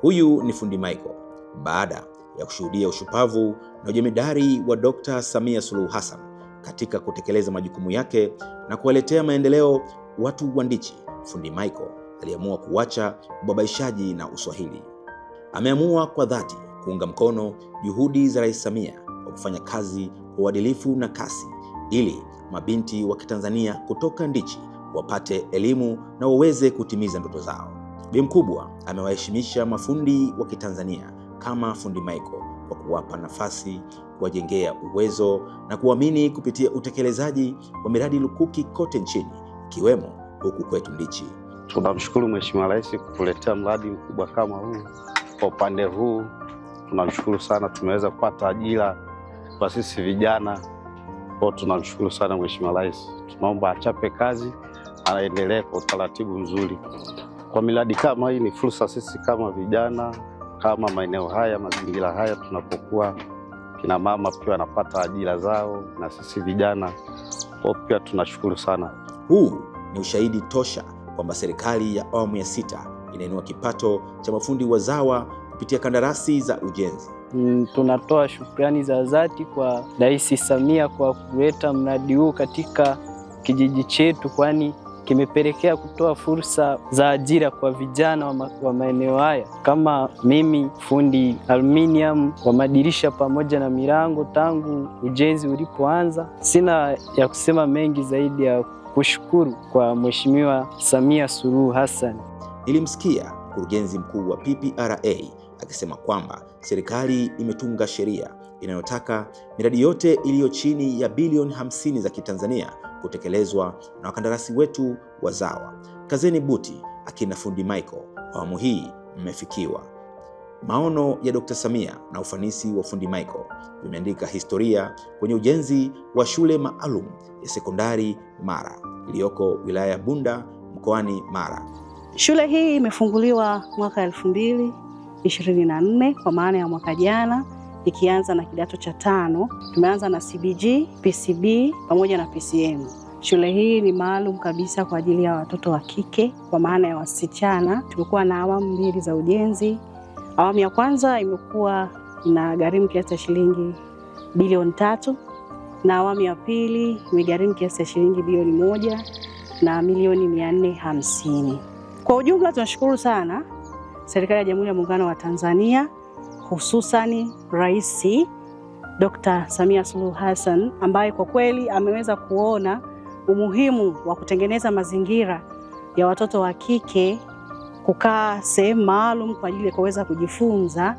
Huyu ni fundi Michael baada ya kushuhudia ushupavu na ujemedari wa Dr. Samia Suluhu Hassan katika kutekeleza majukumu yake na kuwaletea maendeleo watu wa Ndichi, fundi Michael aliamua kuacha ubabaishaji na uswahili. Ameamua kwa dhati kuunga mkono juhudi za Rais Samia kwa kufanya kazi kwa uadilifu na kasi ili mabinti wa Kitanzania kutoka Ndichi wapate elimu na waweze kutimiza ndoto zao. Bi Mkubwa amewaheshimisha mafundi wa Kitanzania kama fundi Michael kwa kuwapa nafasi, kuwajengea uwezo na kuamini kupitia utekelezaji wa miradi lukuki kote nchini ikiwemo huku kwetu Ndichi. Tunamshukuru Mheshimiwa Rais kutuletea mradi mkubwa kama huu. Kwa upande huu tunamshukuru sana, tumeweza kupata ajira kwa sisi vijana kwao. Tunamshukuru sana Mheshimiwa Rais, tunaomba achape kazi aendelee kwa utaratibu mzuri. Kwa miradi kama hii, ni fursa sisi kama vijana, kama maeneo haya, mazingira haya tunapokuwa, kina mama pia wanapata ajira zao, na sisi vijana kwa pia tunashukuru sana. Huu ni ushahidi tosha kwamba serikali ya awamu ya sita inainua kipato cha mafundi wazawa kupitia kandarasi za ujenzi. Mm, tunatoa shukrani za dhati kwa Rais Samia kwa kuleta mradi huu katika kijiji chetu kwani kimepelekea kutoa fursa za ajira kwa vijana wa, ma, wa maeneo haya kama mimi fundi aluminium wa madirisha pamoja na milango. Tangu ujenzi ulipoanza, sina ya kusema mengi zaidi ya kushukuru kwa Mheshimiwa Samia Suluhu Hassan. Nilimsikia mkurugenzi mkuu wa PPRA akisema kwamba serikali imetunga sheria inayotaka miradi yote iliyo chini ya bilioni 50 za Kitanzania kutekelezwa na wakandarasi wetu wazawa. Kazeni buti, akina fundi Michael, awamu hii mmefikiwa. Maono ya Dkt. Samia na ufanisi wa fundi Michael vimeandika historia kwenye ujenzi wa shule maalum ya sekondari Mara iliyoko wilaya ya Bunda mkoani Mara. Shule hii imefunguliwa mwaka 2024 kwa maana ya mwaka jana ikianza na kidato cha tano. Tumeanza na CBG, PCB pamoja na PCM. Shule hii ni maalum kabisa kwa ajili ya watoto wa kike kwa maana ya wasichana. Tumekuwa na awamu mbili za ujenzi. Awamu ya kwanza imekuwa na gharimu kiasi cha shilingi bilioni tatu na awamu ya pili imegharimu kiasi cha shilingi bilioni moja na milioni mia nne hamsini. Kwa ujumla tunashukuru sana serikali ya Jamhuri ya Muungano wa Tanzania hususani Rais Dr. Samia Suluhu Hassan ambaye kwa kweli ameweza kuona umuhimu wa kutengeneza mazingira ya watoto wa kike kukaa sehemu maalum kwa ajili ya kuweza kujifunza.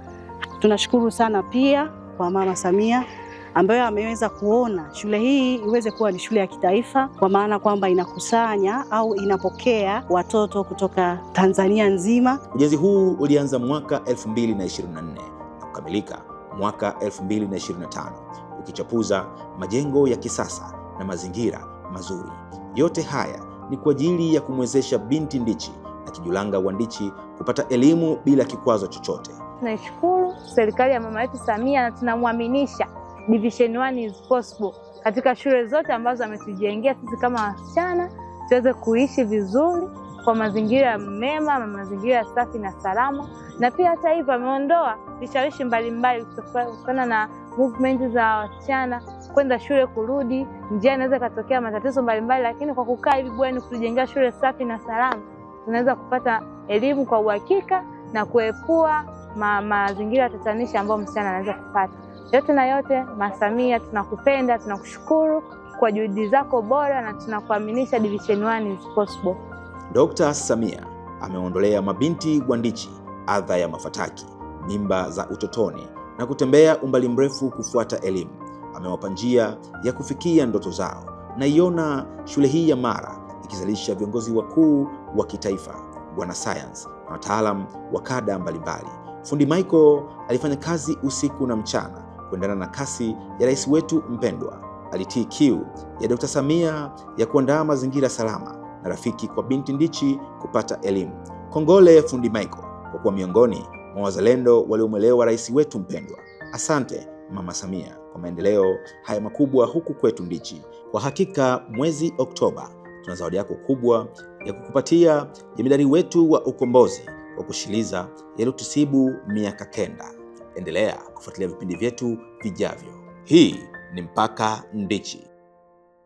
Tunashukuru sana pia kwa Mama Samia ambayo ameweza kuona shule hii iweze kuwa ni shule ya kitaifa, kwa maana kwamba inakusanya au inapokea watoto kutoka Tanzania nzima. Ujenzi huu ulianza mwaka 2024 kukamilika mwaka 2025 ukichapuza majengo ya kisasa na mazingira mazuri. Yote haya ni kwa ajili ya kumwezesha binti Ndichi na Kijulanga wa Ndichi kupata elimu bila kikwazo chochote. Tunashukuru serikali ya mama yetu Samia na tunamwaminisha division 1 is possible katika shule zote ambazo ametujengea sisi kama wasichana tuweze kuishi vizuri kwa mazingira mema, mazingira safi na salama, na pia hata hivyo ameondoa vishawishi mbalimbali kutokana na movement za wasichana kwenda shule kurudi. Njia inaweza ikatokea matatizo mbalimbali, lakini kwa kukaa hivi bweni kutujengea shule safi na salama, tunaweza kupata elimu kwa uhakika na kuepua ma mazingira tatanishi ambayo msichana anaweza kupata. Yote na yote, Masamia, tunakupenda, tunakushukuru kwa juhudi zako bora na tunakuaminisha division 1 is possible. Dkt. Samia ameondolea mabinti Gwandichi adha ya mafataki, mimba za utotoni na kutembea umbali mrefu kufuata elimu. Amewapa njia ya kufikia ndoto zao. Naiona shule hii ya Mara ikizalisha viongozi wakuu wa kitaifa, wanasayansi na wataalamu wa kada mbalimbali. Fundi Michael alifanya kazi usiku na mchana kuendana na kasi ya rais wetu mpendwa. Alitii kiu ya Dkt. Samia ya kuandaa mazingira salama na rafiki kwa binti Ndichi kupata elimu. Kongole fundi Michael kwa kuwa miongoni mwa wazalendo waliomwelewa rais wetu mpendwa. Asante Mama Samia kwa maendeleo haya makubwa huku kwetu Ndichi. Kwa hakika mwezi Oktoba tuna zawadi yako kubwa ya kukupatia jemedari wetu wa ukombozi wa kushiliza yaliyotusibu miaka kenda. Endelea kufuatilia vipindi vyetu vijavyo. Hii ni Mpaka Ndichi.